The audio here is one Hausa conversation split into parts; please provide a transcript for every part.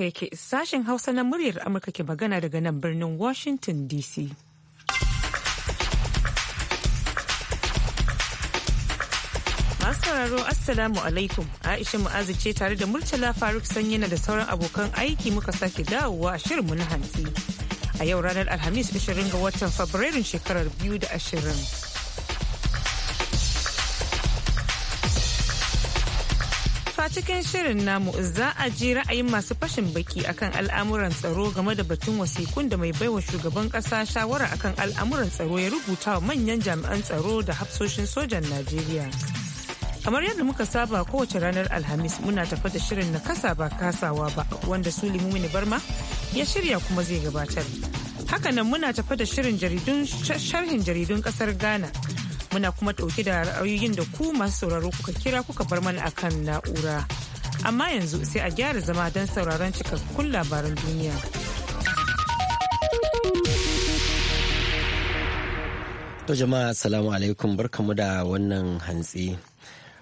haka yake sashen hausa na muryar amurka ke magana daga nan birnin washington dc masu sauraro assalamu alaikum aisha mu'azu ce tare da murtala faruk na da sauran abokan aiki muka sake dawowa a shirinmu na hantsi a yau ranar alhamis 20 ga watan fabrairun shekarar 2020 fa cikin shirin namu za a ji ra'ayin masu fashin baki akan al'amuran tsaro game da batun wasikun da mai baiwa shugaban kasa shawara akan al'amuran tsaro ya rubuta wa manyan jami'an tsaro da hafsoshin sojan Najeriya. Kamar yadda muka saba kowace ranar Alhamis muna tafa da shirin na kasa ba kasawa ba wanda su limuni barma ya shirya kuma zai gabatar. Hakanan muna tafa da shirin jaridun sharhin jaridun kasar Ghana muna kuma ɗauke da ra'ayoyin da ku masu sauraro kuka kira kuka bar mana akan na'ura amma yanzu sai a gyara zama don sauraron cikakkun labaran duniya to jama'a assalamu alaikum barkamu da wannan hantsi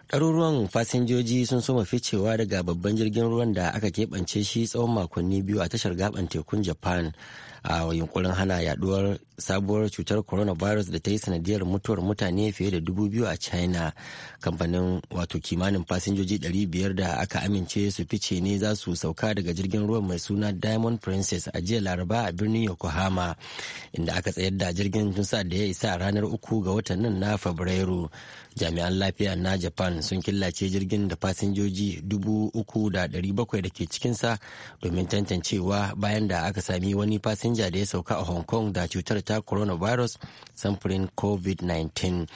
ɗaruruwan fasinjoji sun soma ficewa daga babban jirgin ruwan da aka keɓance shi tsawon makonni biyu a tashar gaban tekun japan a yunkurin hana yaduwar sabuwar cutar coronavirus da ta yi sanadiyar mutuwar mutane fiye da dubu biyu a china kamfanin wato kimanin fasinjoji biyar da aka amince su fice ne za su sauka daga jirgin ruwan mai suna diamond princess a jiya laraba a birnin yokohama inda aka tsayar da jirgin tun sa da ya isa ranar uku ga watan nan na fabrairu jami'an lafiya na japan sun killace jirgin da fasinjoji 3,700 da ke cikinsa domin tantancewa bayan da aka sami wani fasinja da ya sauka a hong kong da cutar ta coronavirus samfurin covid-19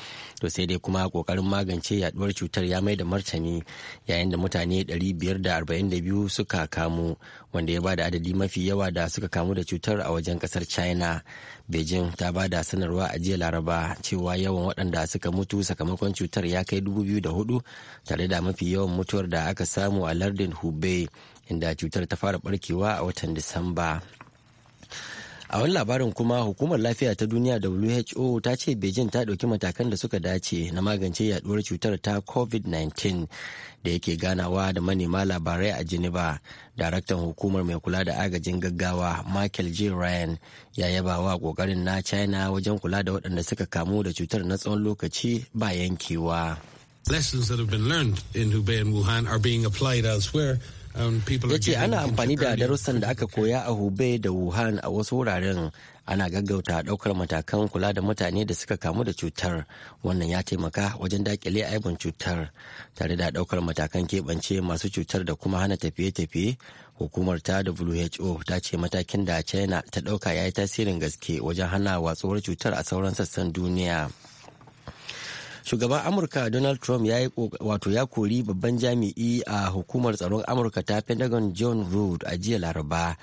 to sai dai kuma kokarin magance yaduwar cutar ya mai da martani yayin da mutane 542 suka kamu wanda ya ba da adadi mafi yawa da suka kamu da cutar a wajen kasar china beijing ta ba da sanarwa a jiya laraba cewa yawan waɗanda suka mutu sakamakon cutar ya kai 2004 tare da mafi yawan mutuwar da aka samu a lardin hubei inda cutar ta fara barkewa a watan disamba a wani labarin kuma hukumar lafiya ta duniya who ta ce beijing ta ɗauki matakan da suka dace na magance yaduwar cutar ta covid-19 da yake ganawa da manema labarai a geneva daraktan hukumar mai kula da agajin gaggawa michael j ryan ya yaba wa kokarin na china wajen kula da waɗanda suka kamu da cutar na tsawon lokaci ba yankewa lessons that have been learned in hubei and wuhan are being applied elsewhere Um, ya ce ana amfani da darussan da aka koya a hube da wuhan a wasu wuraren ana gaggauta daukar matakan kula da mutane da suka kamu da cutar wannan ya taimaka wajen dakile aibin cutar tare da daukar matakan keɓance masu cutar da kuma hana tafiye-tafiye hukumar ta who ta ce matakin da china ta dauka ya yi tasirin gaske wajen hana watsuwar cutar a sauran sassan duniya. shugaban amurka donald trump ya wato ya kori babban jami'i a hukumar tsaron amurka ta pentagon john rood a jiya laraba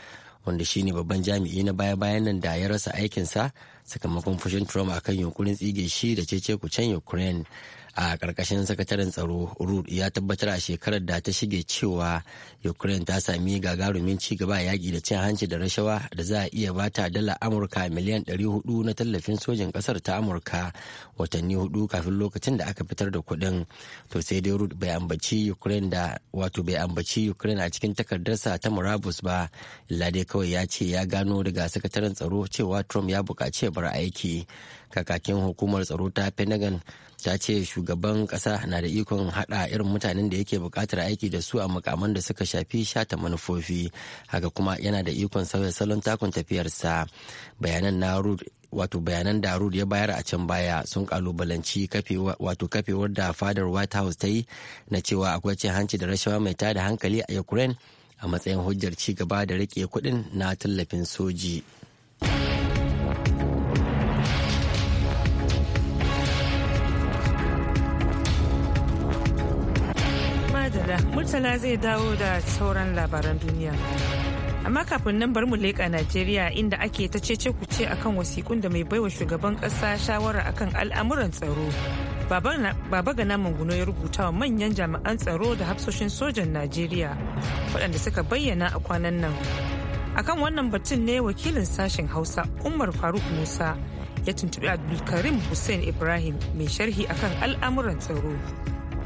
wanda shine babban jami'i na baya-bayan nan da ya rasa aikinsa sakamakon fushin trump akan yunkurin tsige shi da cece can ukraine a ƙarƙashin sakataren tsaro rud ya tabbatar a shekarar da ta shige cewa ukraine ta sami gagarumin ci gaba yaƙi da cin hanci da rashawa da za a iya ba ta dala amurka miliyan 400 na tallafin sojin ƙasar ta amurka watanni hudu kafin lokacin da aka fitar da kuɗin to sai dai rud bai ambaci ukraine da wato bai ambaci ukraine a cikin takardarsa ta murabus ba illa dai kawai ya ce ya gano daga sakataren tsaro cewa trump ya buƙaci bar aiki kakakin hukumar tsaro ta pentagon ta ce shugaban kasa na da ikon hada irin mutanen da yake bukatar aiki da su a mukaman da suka shafi shata manufofi haka kuma yana da ikon sauya salon takun tafiyarsa bayanan na wato bayanan da Rud ya bayar a can baya sun kalubalanci wato kafewar da fadar White House ta yi na cewa akwai cin hanci da rashawa mai tada hankali a Ukraine a matsayin hujjar ci gaba da rike kuɗin na tallafin soji. Murtala zai dawo da sauran labaran duniya. Amma kafin nan bar mu leƙa Najeriya inda ake ta cece kuce akan wasikun da mai baiwa shugaban ƙasa shawara akan al'amuran tsaro. Baba ga Gana Manguno ya rubuta wa manyan jami'an tsaro da hafsoshin sojan Najeriya waɗanda suka bayyana a kwanan nan. Akan wannan batun ne wakilin sashen Hausa Umar Faruk Musa ya tuntuɓi Abdulkarim Hussein Ibrahim mai sharhi akan al'amuran tsaro.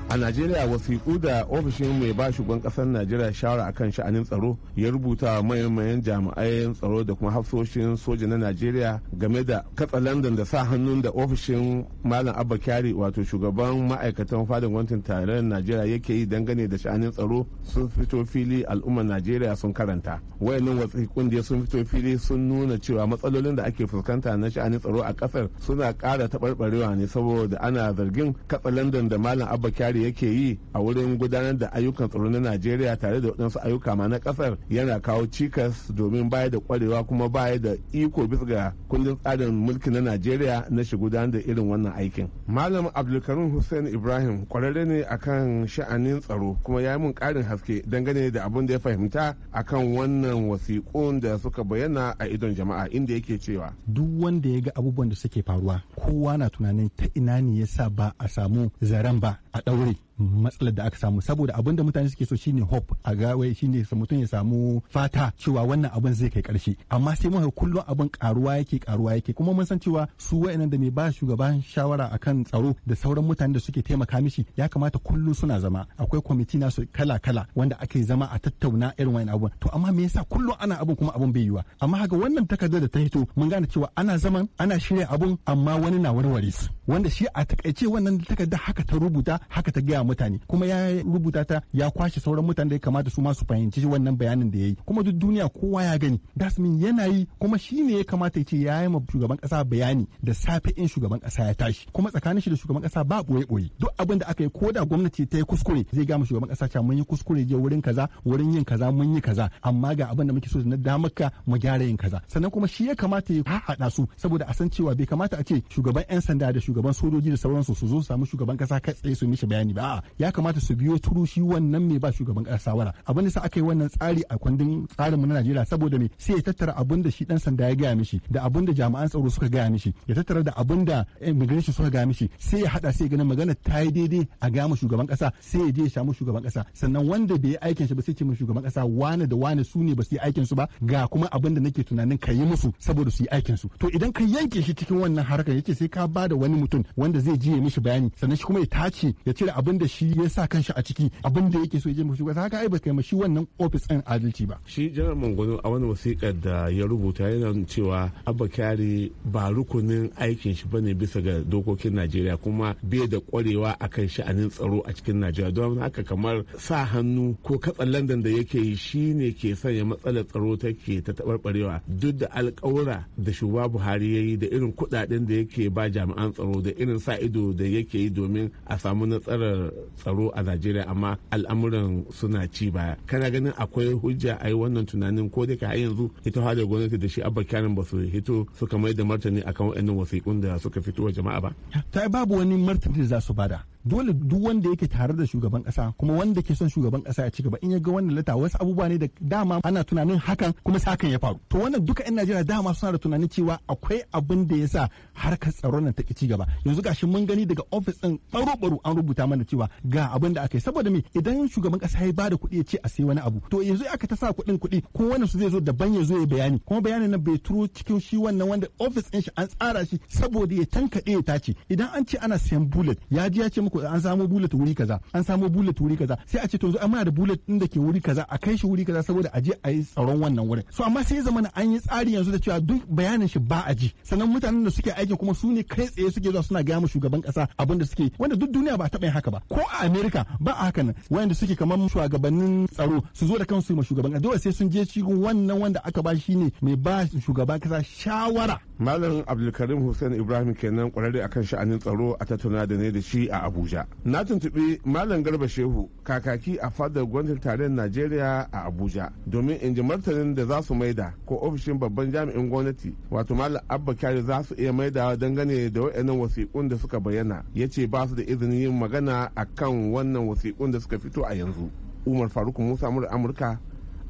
a najeriya wasiƙu da ofishin mai ba shugaban ƙasar najeriya shawara akan sha'anin tsaro ya rubuta mayan jami'ai tsaro da kuma hafsoshin soja na najeriya game da katsalandan da sa hannun da ofishin malam abba kyari wato shugaban ma'aikatan fadin gwamnatin tarayyar najeriya yake yi dangane da sha'anin tsaro sun fito fili al'ummar najeriya sun karanta wayannan wasiƙun da sun fito fili sun nuna cewa matsalolin da ake fuskanta na sha'anin tsaro a ƙasar suna ƙara taɓarɓarewa ne saboda ana zargin katsalandan da malam abba kyari yake yi a wurin gudanar da ayyukan tsaro na najeriya tare da waɗansu ayyuka ma na ƙasar yana kawo cikas domin baya da kwarewa kuma baya da iko bisa ga kundin tsarin mulki na najeriya na shi gudanar da irin wannan aikin malam abdulkarim hussein ibrahim kwararre ne akan sha'anin tsaro kuma ya yi mun ƙarin haske dangane da abin da ya fahimta akan wannan wasiƙun da suka bayyana a idon jama'a inda yake cewa duk wanda ya ga abubuwan da suke faruwa kowa na tunanin ta ina ne ya sa ba a samu zaren ba a ɗaure matsalar da aka samu saboda abin da mutane suke so shine hope a gawai shine mutum ya samu fata cewa wannan abin zai kai karshe amma sai mu kullum abin karuwa yake karuwa yake kuma mun san cewa su wayannan da mai ba shugaban shawara akan tsaro da sauran mutane da suke taimaka mishi ya kamata kullum suna zama akwai kwamiti nasu kala kala wanda ake zama a tattauna irin wani abun to amma me yasa kullum ana abin kuma abin bai yiwa amma haka wannan takardar da ta hito mun gane cewa ana zaman ana shirya abun amma wani na warware su wanda shi a takaice wannan takardar haka ta rubuta haka ta gaya mutane kuma ya rubuta ta ya kwashe sauran mutane da ya kamata su masu fahimci wannan bayanin da ya yi kuma duk duniya kowa ya gani dasmin yana yi kuma shi ne ya kamata ya ce ya yi ma shugaban kasa bayani da safe in shugaban kasa ya tashi kuma tsakanin shi da shugaban kasa ba boye boye duk abin da aka yi ko da gwamnati ta yi kuskure zai gama shugaban kasa cewa mun yi kuskure je wurin kaza wurin yin kaza mun yi kaza amma ga abin da muke so na damarka mu gyara yin kaza sannan kuma shi ya kamata ya haɗa su saboda a san cewa bai kamata a ce shugaban 'yan sanda da shugaban sojoji da sauransu su zo su samu shugaban kasa kai tsaye su mishi bayani ba a'a ya kamata su biyo turushi wannan mai ba shugaban kasa shawara abin da sa aka yi wannan tsari a kundin tsarin mu na Najeriya saboda me sai ya tattara abin da shi dan sanda ya gaya mishi da abin da jami'an tsaro suka gaya mishi ya tattara da abin da immigration suka gaya mishi sai ya hada sai ya magana ta yi daidai a gaya ma shugaban kasa sai ya je ya samu shugaban kasa sannan wanda bai yi aikin shi ba sai ce ma shugaban kasa wane da wane su ne ba su yi aikin su ba ga kuma abin da nake tunanin ka yi musu saboda su yi aikin su to idan ka yanke shi cikin wannan harkar yace sai ka bada wani mutum wanda zai je ya mishi bayani sannan shi kuma ya tace ya cire abin da da shi ya sa kanshi a ciki abin da yake so ya je mu haka ba kai shi wannan ofis ɗin adalci ba shi janar mangwano a wani wasiƙar da ya rubuta yana cewa abba kyari ba rukunin aikin shi ne bisa ga dokokin najeriya kuma bai da kwarewa a kan sha'anin tsaro a cikin najeriya don haka kamar sa hannu ko katsa landan da yake yi shi ne ke sanya matsalar tsaro take ta taɓarɓarewa duk da alƙawura da shugaba buhari ya yi da irin kuɗaɗen da yake ba jami'an tsaro da irin sa ido da yake yi domin a samu nasarar tsaro a najeriya amma al'amuran suna ci baya kana ganin akwai hujja a yi wannan tunanin ko da ka har yanzu ita da gwamnati da shi abba kyanin ba su hito suka mai da martani akan waɗannan wasiƙun da suka fito wa jama'a ba ta babu wani martani da za su bada dole duk wanda yake tare da shugaban kasa kuma wanda ke son shugaban kasa ya ci gaba in ya ga wannan lata wasu abubuwa ne da dama ana tunanin hakan kuma sakan ya faru to wannan duka yan Najeriya dama suna da tunanin cewa akwai abin da yasa harkar tsaron nan ta ci gaba yanzu gashi mun gani daga office din baro baro an rubuta mana cewa ga abin da aka saboda me idan shugaban kasa ya bada kuɗi ya ce a sai wani abu to yanzu aka ta sa kuɗin kuɗi ko wannan su zai zo daban ya zo ya bayani kuma bayanin nan bai turo cikin shi wannan wanda office din shi an tsara shi saboda ya tankaɗe ya tace idan an ce ana sayan bullet ya ji ya ce Ko an samo bullet wuri kaza an samo bullet wuri kaza sai a ce to amma da bullet din da ke wuri kaza a kai shi wuri kaza saboda a je a yi tsaron wannan wurin so amma sai zamana an yi tsari yanzu da cewa duk bayanin shi ba a ji sannan mutanen da suke aiki kuma su ne kai tsaye suke zuwa suna gaya mu shugaban kasa abin da suke wanda duk duniya ba taɓa yin haka ba ko a america ba a haka nan wanda suke kamar shugabannin tsaro su zo da kansu ma shugaban kasa dole sai sun je cikin wannan wanda aka ba shi ne mai ba shugaban kasa shawara malam abdulkarim hussein ibrahim kenan kwararre akan sha'anin tsaro a tattauna da ne da shi a abuja na tuntuɓi malam garba shehu kakaki a fadar gwamnatin tarayyar najeriya a abuja domin in ji martanin da za su maida ko ofishin babban jami'in gwamnati wato malam abba kyari za su iya maida dangane da wa'annan wasiƙun da suka bayyana ya ce ba su da izinin yin magana kan wannan wasiƙun da suka fito a yanzu umar faruk musa amurka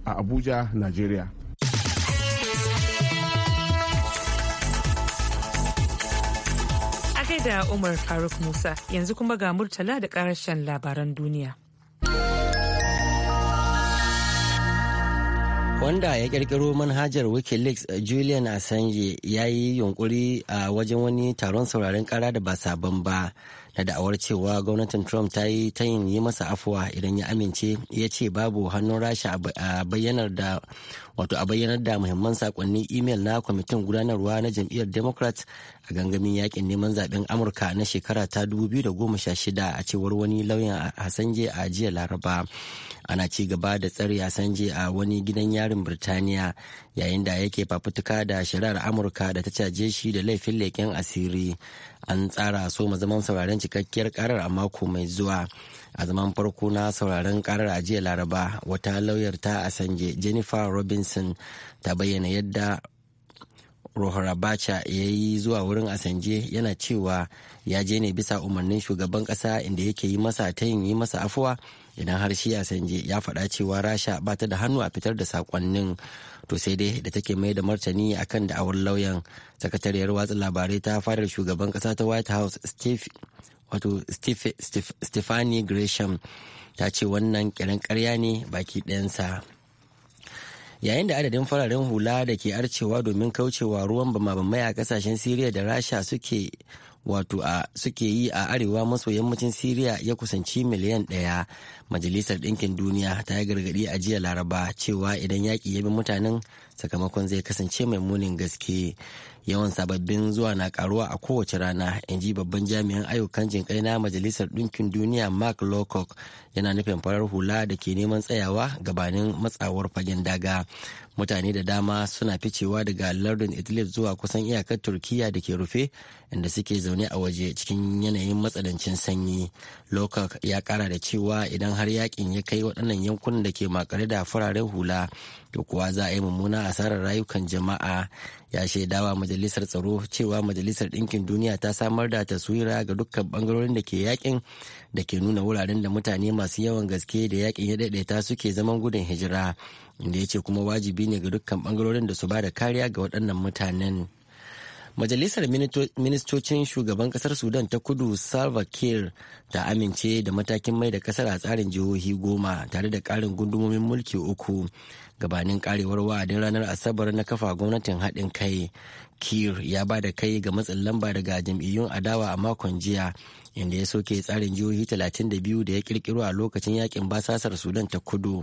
a abuja najeriya da Umar Faruk Musa yanzu kuma ga Murtala da karashen labaran duniya. Wanda ya kirkiro manhajar Wikileaks Julian Assange ya yi yunkuri a wajen wani taron sauraren kara da ba sabon ba. da da'awar cewa gwamnatin trump ta yi ta yin yi masa afuwa idan ya amince ya ce babu hannun rasha a bayyanar da wato a bayyanar da muhimman sakonnin imel na kwamitin gudanarwa na jam'iyyar democrat a gangamin yakin neman zaben amurka na shekara ta 2016 a cewar wani lauyan hasanje a jiya laraba ana ci gaba da tsare hasanje a wani gidan yarin birtaniya yayin da yake fafutuka da shari'ar amurka da ta caje shi da laifin leƙen asiri an tsara so ma zaman sauraren cikakkiyar karar a mako mai zuwa a zaman farko na sauraren karar a jiya laraba wata lauyar ta a sanje jennifer robinson ta bayyana yadda rohrabacha ya yi zuwa wurin asanje yana cewa ya je ne bisa umarnin shugaban kasa inda yake yi masa ta yin yi masa afuwa idan har shi asanje ya faɗa cewa rasha ba ta da hannu a fitar da sakonnin to sai dai da take mai da martani akan da'awar lauyan sakatariyar watsa labarai ta fadar shugaban kasa ta white house steve wato stephanie gresham ta ce wannan kiran karya ne baki ɗayansa. yayin da adadin fararen hula da ke arcewa domin kaucewa ruwan bamabamai a kasashen siriya da rasha suke wato a suke yi a arewa maso yammacin siriya ya kusanci miliyan ɗaya majalisar ɗinkin duniya ta yi gargaɗi a jiya laraba cewa idan yaƙi ya bi mutanen sakamakon zai kasance mai munin gaske yawan sababbin zuwa na karuwa a kowace rana inji babban jami'in ayyukan jinkai na majalisar ɗinkin duniya mark lowcock yana nufin farar hula da ke neman tsayawa gabanin matsawar fagen daga mutane da dama suna ficewa daga lardin idlib zuwa kusan iyakar turkiya da ke rufe inda suke zaune a waje cikin yanayin matsanancin sanyi lowcock ya kara da cewa idan har yakin ya kai waɗannan yankunan da ke makare da fararen hula to kuwa za a yi mummuna asarar rayukan jama'a ya shaidawa majalisar tsaro cewa majalisar ɗinkin duniya ta samar da taswira ga dukkan bangarorin da ke yakin da ke nuna wuraren da mutane masu yawan gaske da yakin ya daidaita suke zaman gudun hijira inda ya ce kuma wajibi ne ga dukkan bangarorin da su ba da kariya ga waɗannan mutanen. Majalisar ministocin shugaban kasar Sudan ta kudu Salva Kiir ta amince da matakin mai da kasar a tsarin jihohi goma tare da ƙarin gundumomin mulki uku gabanin karewar wa'adin ranar asabar na kafa gwamnatin haɗin kai. Kiir ya ba da kai ga matsin lamba daga jam'iyyun adawa a makon jiya inda ya soke tsarin jihohi 32 da ya kirkiro a lokacin yakin basasar sudan ta kudu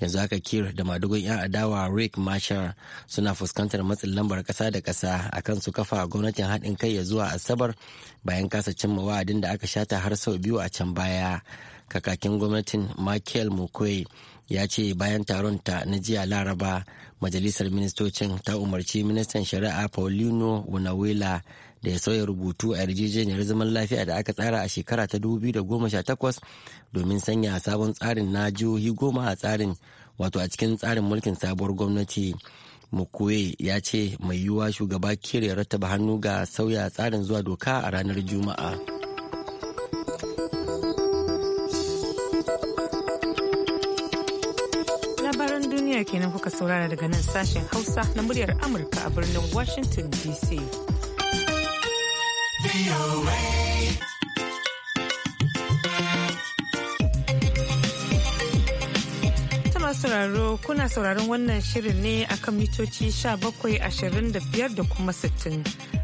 yanzu aka kir da madugun 'yan adawa rick marshall suna fuskantar matsin lambar kasa da kasa akan su kafa gwamnatin haɗin kai ya zuwa asabar bayan kasa cimma wa'adin da aka shata har sau biyu a can baya kakakin gwamnatin michael mukwe ya ce bayan taron ta na jiya laraba majalisar ministocin ta umarci ministan shari'a paulino wunawela da ya sauya rubutu a yarjejeniyar zaman lafiya da aka tsara a shekara ta 2018 domin sanya sabon tsarin na jihohi goma a tsarin wato a cikin tsarin mulkin sabuwar gwamnati mukwe ya ce mai yiwuwa shugaba kere rattaba hannu ga sauya tsarin zuwa doka a ranar juma'a labaran duniya kenan kuka saurara daga nan sashen hausa na muryar amurka a birnin washington dc sauraro kuna sauraron wannan shirin ne akan mitoci 1725 da kuma 60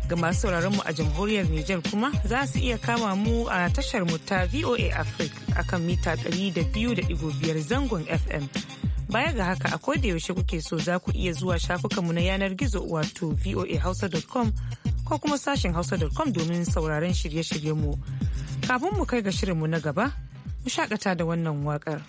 ga masu sauraronmu mu a jamhuriyar Nijar kuma za su iya kama mu a tashar mu ta VOA Africa akan mita 200.5 zangon FM. Baya ga haka a koda yaushe kuke so za ku iya zuwa shafukanmu na yanar gizo wato voahausa.com ko kuma sashen hausa.com domin sauraren shirye-shiryenmu. Kafin mu kai ga shirinmu na gaba, mu shakata da wannan waƙar.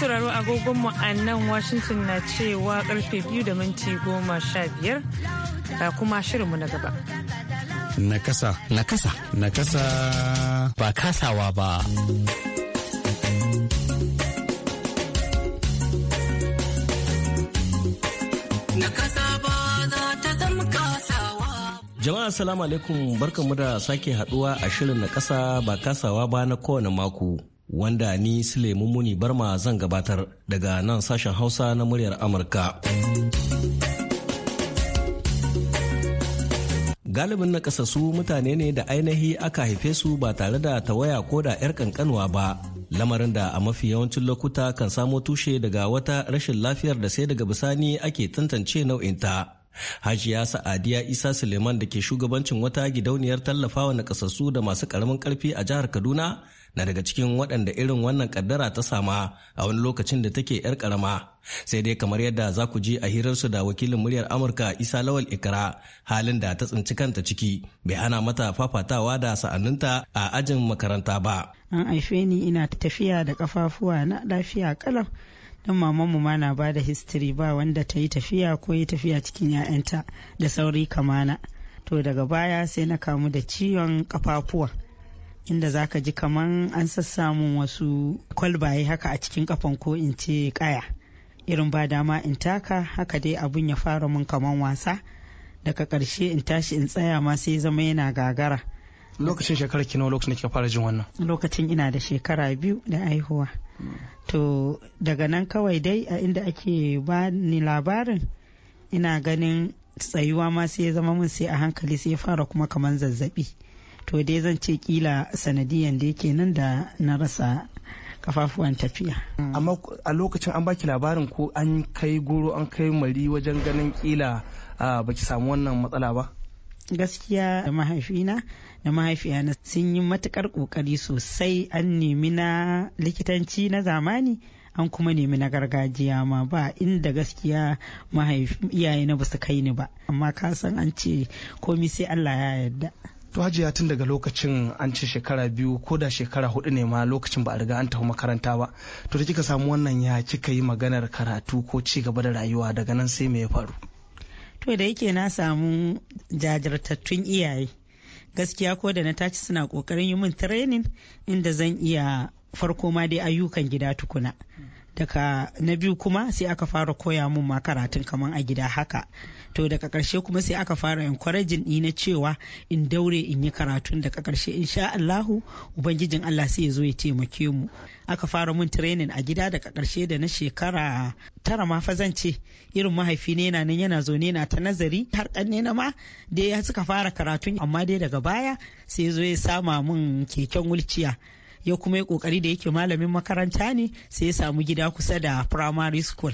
sauraro agogon agogonmu a nan Washington na cewa karfe biyu da minti goma sha biyar ga kuma shirinmu na gaba. Nakasa. Nakasa. Nakasa. Ba kasawa ba. Jama'a salamu alaikum barkanmu da sake haduwa a shirin na kasa ba kasawa ba na kowane mako. wanda ni Suleiman Muni Barma zan gabatar daga nan sashen Hausa na muryar Amurka. Galibin na kasasu mutane ne da ainihi aka haife su ba tare da tawaya ko da 'yar kankanwa ba, lamarin da a mafi yawancin lokuta kan samo tushe daga wata rashin lafiyar da sai daga bisani ake tantance nau'inta. Hajiya Sa'adiya Isa Suleiman da ke shugabancin wata gidauniyar tallafawa na kasassu da masu ƙaramin ƙarfi a jihar Kaduna na daga cikin waɗanda irin wannan kaddara ta sama a wani lokacin da take 'yar karama sai dai kamar yadda za ku ji a hirarsu da wakilin muryar amurka isa lawal ikra halin da ta tsinci kanta ciki bai hana mata fafatawa da sa'anninta a ajin makaranta ba an haife ni ina tafiya da kafafuwa na lafiya kalam don mamanmu ma na ba da history ba wanda ta yi tafiya ko yi tafiya cikin 'ya'yanta da sauri kamana to daga baya sai na kamu da ciwon kafafuwa inda za ka ji kaman an sassamun wasu kwalbaye haka a cikin kafan ko in ce kaya irin ba dama in taka haka dai abun ya fara mun kaman wasa daga ƙarshe in tashi in tsaya ma sai zama yana gagara lokacin shekarar kinawa lokacin da kika fara jin wannan lokacin ina da shekara biyu da aihuwa to daga nan kawai dai a inda ake ba ni labarin ina ganin tsayuwa ma sai ya zama min sai a hankali sai ya fara kuma kaman zazzabi to dai zan ce kila sanadiyan da yake nan da na rasa kafafuwan tafiya. Amma a lokacin an baki labarin ko an kai goro an kai mari wajen ganin kila ki samu wannan matsala ba? Gaskiya da mahaifina da mahaifiyana sun yi matukar kokari sosai an nemi na likitanci na zamani an kuma nemi na gargajiya ma ba inda gaskiya iyaye na ba su kai ni ba amma ka san an ce komi sai Allah ya yarda. to hajiya tun daga lokacin an ce shekara biyu ko da shekara hudu ne ma lokacin ba a riga an tafi makaranta ba to da kika samu wannan ya kika yi maganar karatu ko ci gaba da rayuwa daga nan sai me ya faru to da yake na samu jajirtattun iyaye gaskiya ko da na tashi suna kokarin yi min training inda zan iya farko ma dai ayyukan gida tukuna daga na biyu kuma sai aka fara koya mun ma karatun kaman a gida haka to daga karshe kuma sai aka fara encouraging ni na cewa in daure in yi karatun daga karshe insha Allahu ubangijin Allah sai ya zo ya taimake mu aka fara mun training a gida daga karshe da na shekara tara ma fa ce irin mahaifi ne yana nan yana zaune na ta nazari har ne na ma dai suka fara karatun amma dai daga baya sai ya zo ya sama mun keken wulciya ya kuma yi kokari da yake malamin makaranta ne sai ya samu gida kusa da primary school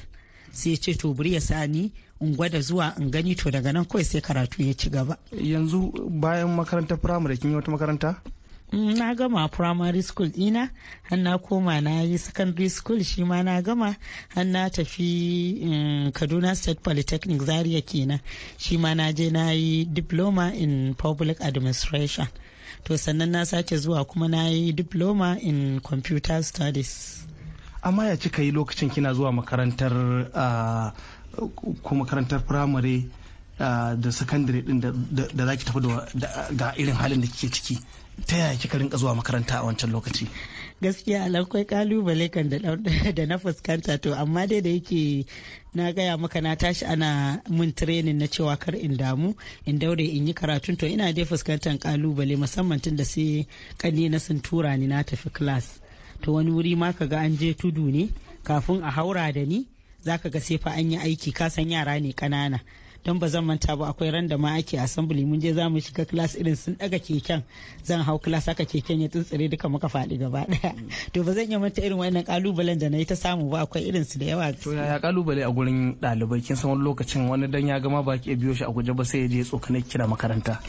sai ya ce to buri ya sani in gwada zuwa in gani to daga nan kawai sai karatu ya ci gaba yanzu bayan makarantar primary kin yi wata makaranta mm, na gama primary school dina har na koma na yi secondary school shi ma na gama har na tafi mm, kaduna state polytechnic zaria kenan shi ma na je na yi diploma in public administration to sannan na sake zuwa kuma na yi diploma in computer studies amma ya kika yi lokacin kina zuwa makarantar uh, makarantar firamare Ah, da sakandare din da za ki tafi ga irin halin da kike ciki ta yaya kika rinka zuwa makaranta a wancan lokaci gaskiya akwai kalubale kan da na fuskanta to amma dai da yake na gaya maka na tashi ana mun training na cewa kar in damu in daure in yi karatun to ina dai fuskantar kalubale musamman tun da sai kani na sun tura ni na tafi class to wani wuri ma ka ga an je tudu ne kafin a haura da ni zaka ga sai fa an yi aiki ka san yara ne kanana don ba zan manta ba akwai ran ma ake assembly mun je zamu shiga class irin sun daga keken zan hau class haka keken ya tsintsire duka muka fadi gaba daya mm. to ba zan iya manta irin wannan kalubalen da na yi ta samu ba akwai irin su da yawa to ya kalubale a gurin ɗalibai kin san wani lokacin wani dan ya gama baki ya biyo shi a guje ba sai ya je tsokane kira makaranta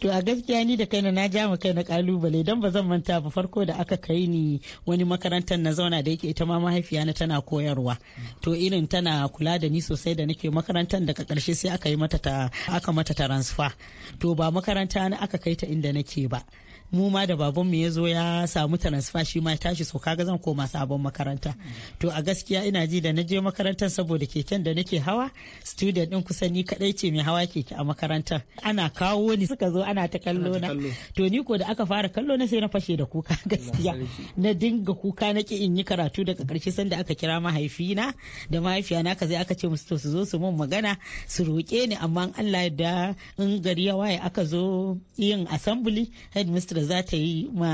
to a gaskiya ni da kai na ja kai na kalubale don ba zan manta ba farko da aka kai ni wani makarantar na zauna da yake ita ma mahaifiya na tana koyarwa mm. to irin tana kula da ni sosai da nake makarantar daga karshe sai aka yi mata ta aka mata transfer to ba makaranta na aka kai ta inda nake ba mu ma da babanmu ya zo ya samu transfer shi ma ya tashi so kaga zan koma sabon makaranta to a gaskiya ina ji da na je makarantar saboda keken da nake hawa student din kusa ni kadai ce mai hawa keke a makarantar ana kawo ni suka zo ana ta kallo na to ni ko da aka fara kallo na sai na fashe da kuka gaskiya na dinga kuka na ki in yi karatu daga karshe sanda aka kira mahaifina da mahaifiya na ka zai aka ce musu to su zo su mun magana su roke ni amma Allah da in gari ya waye aka zo yin assembly headmistress da za ta yi ma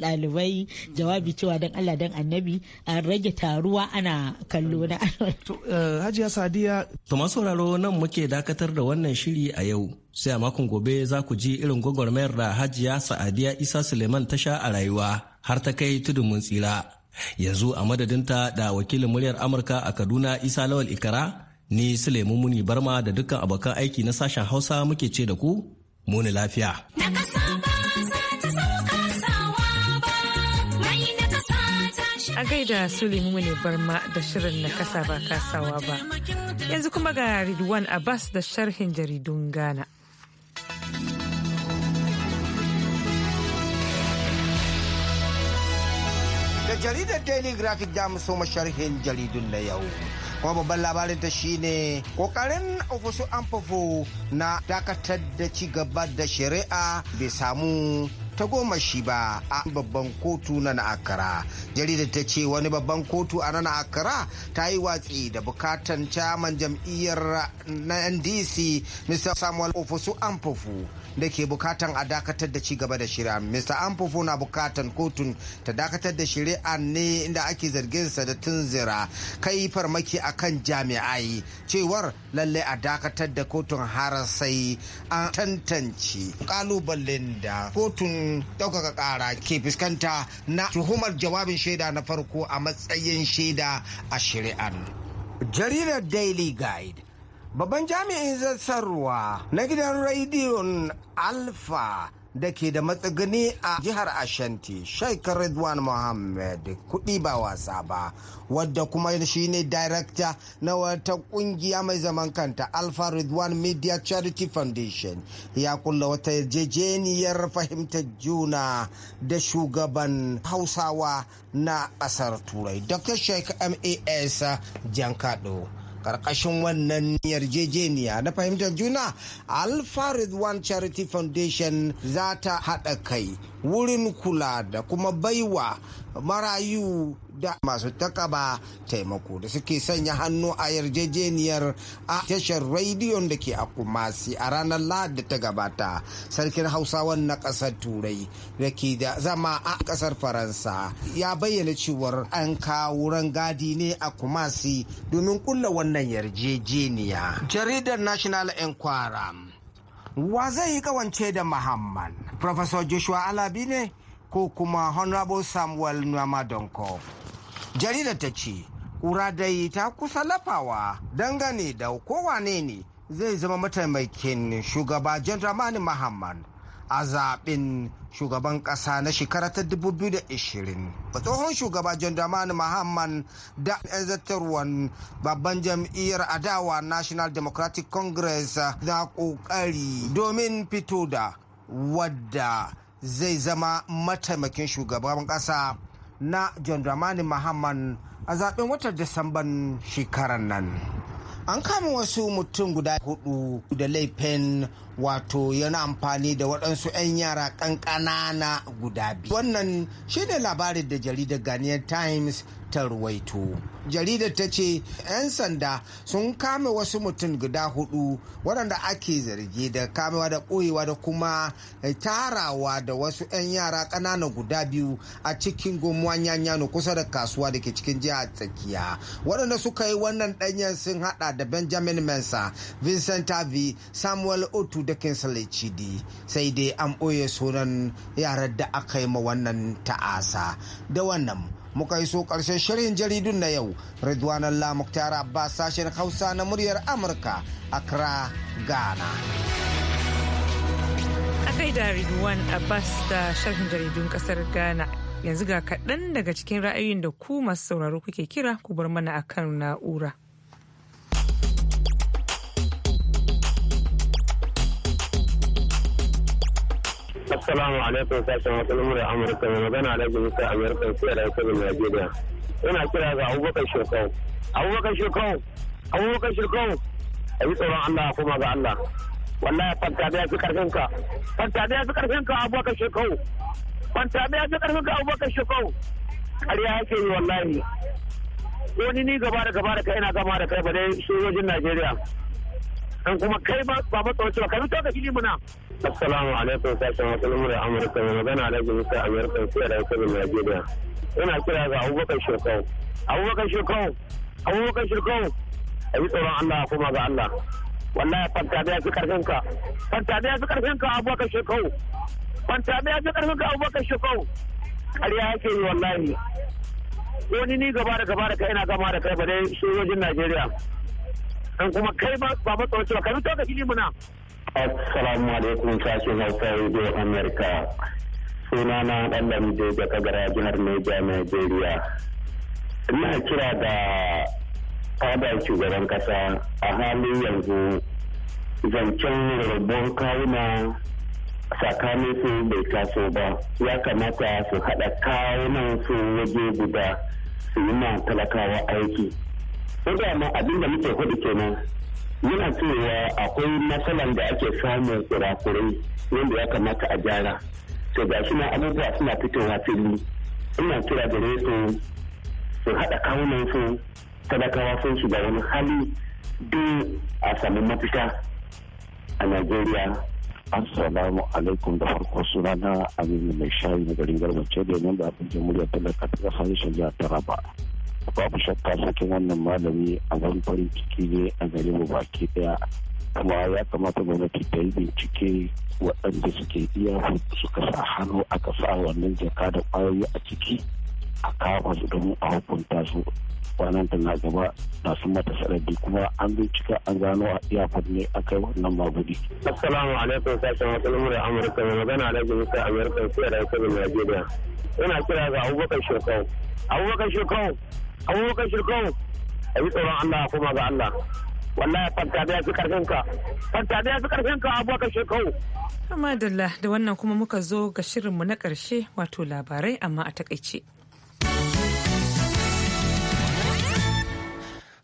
ɗalibai jawabi cewa don Allah don annabi a rage taruwa ana kallo na eh, Hajiya Sadiya. To masu sauraro nan muke dakatar da wannan shiri a yau. Sai a makon gobe za ku ji irin gwagwarmayar da Hajiya Sa'adiya Isa Suleiman ta sha a rayuwa har ta kai tudun mun tsira. Yanzu a madadinta da wakilin muryar Amurka a Kaduna Isa Lawal Ikara ni Suleiman Muni Barma da dukkan abokan aiki na sashen Hausa muke ce da ku muni lafiya. Na a gaida Suleimu ne barma da shirin na kasa ba kasawa ba. Yanzu kuma ga Ridwan Abbas da sharhin jaridun gana. Da jaridar Daily Graphic da so sharhin jaridun na yau. kuma babban labarin ta shine kokarin ofisu amfafo na dakatar da ci gaba da shari'a bai samu goma shi ba a babban kotu na na'akara jarida Jaridar ta ce wani babban kotu a na na'akara ta yi watsi da bukatan caman jam'iyyar na NDC Mr. Samuel Ofosu amfufu da ke bukatan a dakatar da ci gaba da shari'a mr amfufu na bukatan kotun ta dakatar da shari'a ne inda ake zarginsa da tunzira kai farmaki a kan jami'ai cewar lallai a dakatar da kotun har sai an tantance kalubalen da kotun ɗaukaka ƙara ke fuskanta na tuhumar jawabin shaida na farko a matsayin shaida a shari'ar jaridar daily guide Babban jami'in zassarwa na gidan rediyon Alfa da ke da matsagani a jihar Ashanti, Sheikh Ridwan Mohammed kuɗi ba wasa ba, wadda kuma shi ne darakta na wata ƙungiya mai zaman kanta Alfa Ridwan Media Charity Foundation, ya kulla wata yarjejeniyar fahimtar juna da shugaban Hausawa na ƙasar Turai, Dr. Sheik M.A.S. Jankado. karkashin wannan yarjejeniya na fahimtar juna alfa ridwan charity foundation za ta haɗa kai wurin kula da kuma baiwa marayu da masu takaba taimako da suke sanya hannu a yarjejeniyar a tashar rediyon da ke a kumasi a ranar lahadi ta gabata sarkin hausawan na kasar turai da ke da zama a kasar faransa ya bayyana cewar an kawo gadi ne a kumasi domin kulla wannan yarjejeniya jaridar national enquirer wa zai yi kawance da muhammad professor joshua alabi ne ko kuma honorable samuel nwamadonko jaridar ta ce kura dai ta kusa lafawa dangane da kowane ne zai zama mataimakin shugaba jan ramani muhammad a zaɓin shugaban ƙasa na shekara ta 2020. tsohon shugaba john dramani mahamman da 'yan zartarwan babban jam'iyyar adawa national democratic congress na ƙoƙari domin fito da wadda zai zama mataimakin shugaban ƙasa na john dramani mahamman a zaɓen watan disamban shekarar nan an kama wasu mutum guda hudu da laifin wato yana amfani da waɗansu 'yan yara ƙanƙana na guda biyu wannan shine labarin da jaridar ghanaian times ta ruwaito jaridar ta ce 'yan sanda sun kame wasu mutum guda hudu waɗanda ake zargi da kamewa da ɓoyewa da kuma tarawa da wasu 'yan yara ƙanana guda biyu a cikin gomuwan yanyano kusa da kasuwa da ke cikin jihar tsakiya waɗanda suka yi wannan ɗanyen sun haɗa da benjamin mensa vincent tavi samuel otu da kinsley chidi sai dai an ɓoye sunan yaran da aka yi ma wannan ta'asa da wannan muka so ƙarshen shirin jaridun na yau ridwan allah muktar abbas sashen hausa na muryar amurka accra ghana a da ridwan abbas da sharhin jaridun kasar ghana yanzu ga kaɗan daga cikin ra'ayoyin da ku masu sauraro kuke kira ku bar mana akan na'ura. Assalamu alaikum sashen matsalin da Amurka mai magana da sai Amurka sai da da Najeriya. Ina kira ga Abubakar Shekau. Abubakar Shekau. Abubakar Shekau. A yi tsoron Allah kuma ga Allah. Wallahi fanta da ya fi karfin ka. Fanta da ya fi karfin ka Abubakar Shekau. Fanta da ya fi karfin ka Abubakar Shekau. Ƙarya yake yi wallahi. Wani ni gaba da gaba da kai ina gama da kai ba dai wajen Najeriya. Dan kuma kai ba ba matsawaci ba kai mutu ka fili muna. Assalamu alaikum sashen wasu lamura Amurka mai magana da Musa Amurka sai da kudu Najeriya. Ina kira ga Abubakar Shirkau. Abubakar Shirkau. Abubakar Shirkau. A yi tsoron Allah a kuma ga Allah. Wallahi fanta da ya fi karfin ka. Fanta da ya fi karfin ka Abubakar Shirkau. Fanta da ya fi karfin ka Abubakar Shirkau. Ƙarya yake yi wallahi. Wani ni gaba da gaba da kai ina gama da kai ba dai sojojin Najeriya. Dan kuma kai ba ba matsawacin ba ka bi to ka fili muna. Assalamu alaikum sashen Hausa Radio Amurka. Suna na ɗan da gara jihar Neja, Nigeria. Ina kira da fadar shugaban kasa a halin yanzu zancen rabon kawuna tsakanin su bai taso ba ya kamata su haɗa kawunan su waje guda su yi ma talakawa aiki. Ina da ma abin da muke hudu kenan muna cewa akwai matsalan da ake samun kurakurai wanda ya kamata a gyara to ga shi na abubuwa suna fitowa fili ina kira gare su su haɗa kawunan su talakawa sun shiga wani hali don a samu mafita a najeriya assalamu alaikum da farko suna na aminu mai shayi na garin garbace da nan da abin jamhuriyar talaka ta kasar jihar taraba babu shakka sakin wannan malami abin farin ciki ne a gare mu baki daya kuma ya kamata gwamnati ta yi bincike waɗanda suke iya suka sa hannu a kasa wannan jaka da ƙwayoyi a ciki a kafa su domin a hukunta su kwanan ta na gaba na sun mata sarari kuma an bincika an gano a iyakar ne a kai wannan magudi. assalamu alaikum sashen wasu da amurka mai magana da sai amurka sai da da najeriya ina kira ga abubakar shekau abubakar shekau abubakar shirkau a yi tsoron Allah kuma ga Allah wallahi fanta da ya fi karfin ka fanta da ya fi karfin ka abubakar shirkau Amadalla da wannan kuma muka zo ga shirinmu na ƙarshe wato labarai amma a takaice.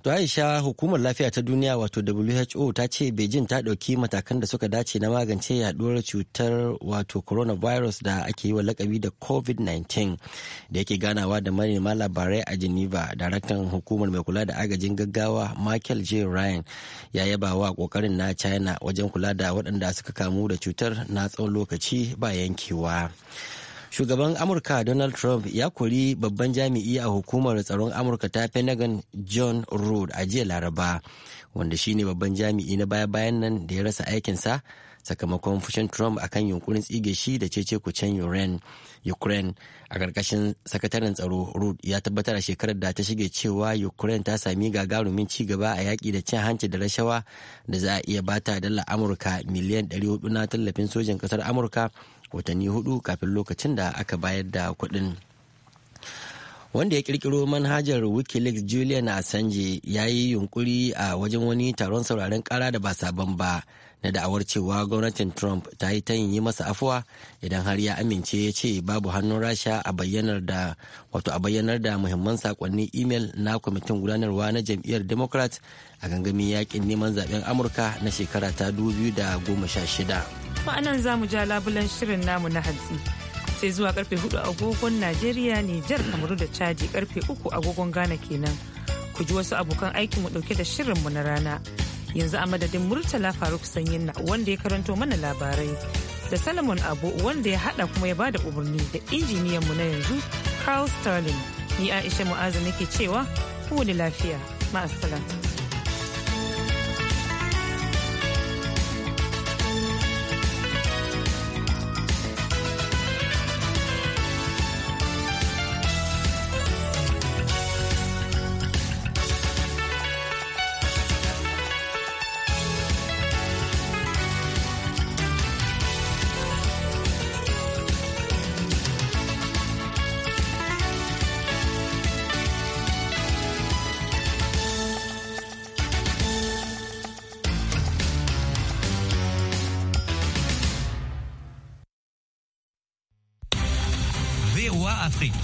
To Aisha hukumar lafiya ta duniya wato WHO ta ce Beijing ta ɗauki matakan da suka dace na magance yaduwar cutar wato coronavirus da ake yi wa lakabi da COVID-19 da yake ganawa da manema labarai a Geneva. Daraktan hukumar mai kula da agajin gaggawa Michael J. Ryan ya yaba wa kokarin na China wajen kula da waɗanda suka kamu da cutar na tsawon lokaci ba yankewa. shugaban amurka donald trump ya kori babban jami'i a hukumar tsaron amurka ta pentagon john rood a jiya laraba wanda shine babban jami'i na baya-bayan nan da ya rasa aikinsa sakamakon fushin trump akan yunkurin tsige shi da cece kucen ukraine a ƙarƙashin sakataren tsaro rood ya tabbatar a shekarar da ta shige cewa ukraine ta sami gagarumin ci gaba a yaƙi da cin hanci da rashawa da za a iya bata dala amurka miliyan 400 na tallafin sojin ƙasar amurka watanni hudu kafin lokacin da aka bayar da kuɗin. wanda ya kirkiro manhajar wikileaks julian assange ya yi yunkuri a wajen wani taron sauraren kara da ba sabon ba na da'awar cewa gwamnatin trump ta yi tayin yi masa afuwa idan har ya amince ya ce babu hannun rasha a bayyanar da wato a bayyanar da muhimman sakonnin imel na kwamitin gudanarwa na jam'iyyar democrat a gangamin yakin neman zaben amurka na shekara ta 2016 ma'anan za mu ja labulan shirin namu na hantsi sai zuwa karfe 4 agogon najeriya nijar kamaru da caji karfe 3 agogon ghana kenan ku ji wasu abokan mu dauke da shirinmu na rana yanzu a madadin murtala faruk sanyin na wanda ya karanto mana labarai da salomon abu wanda ya hada kuma ya bada umarni da injiniyan mu na yanzu carl sterling ni aisha mu'azu nake cewa kowane lafiya ma'asala.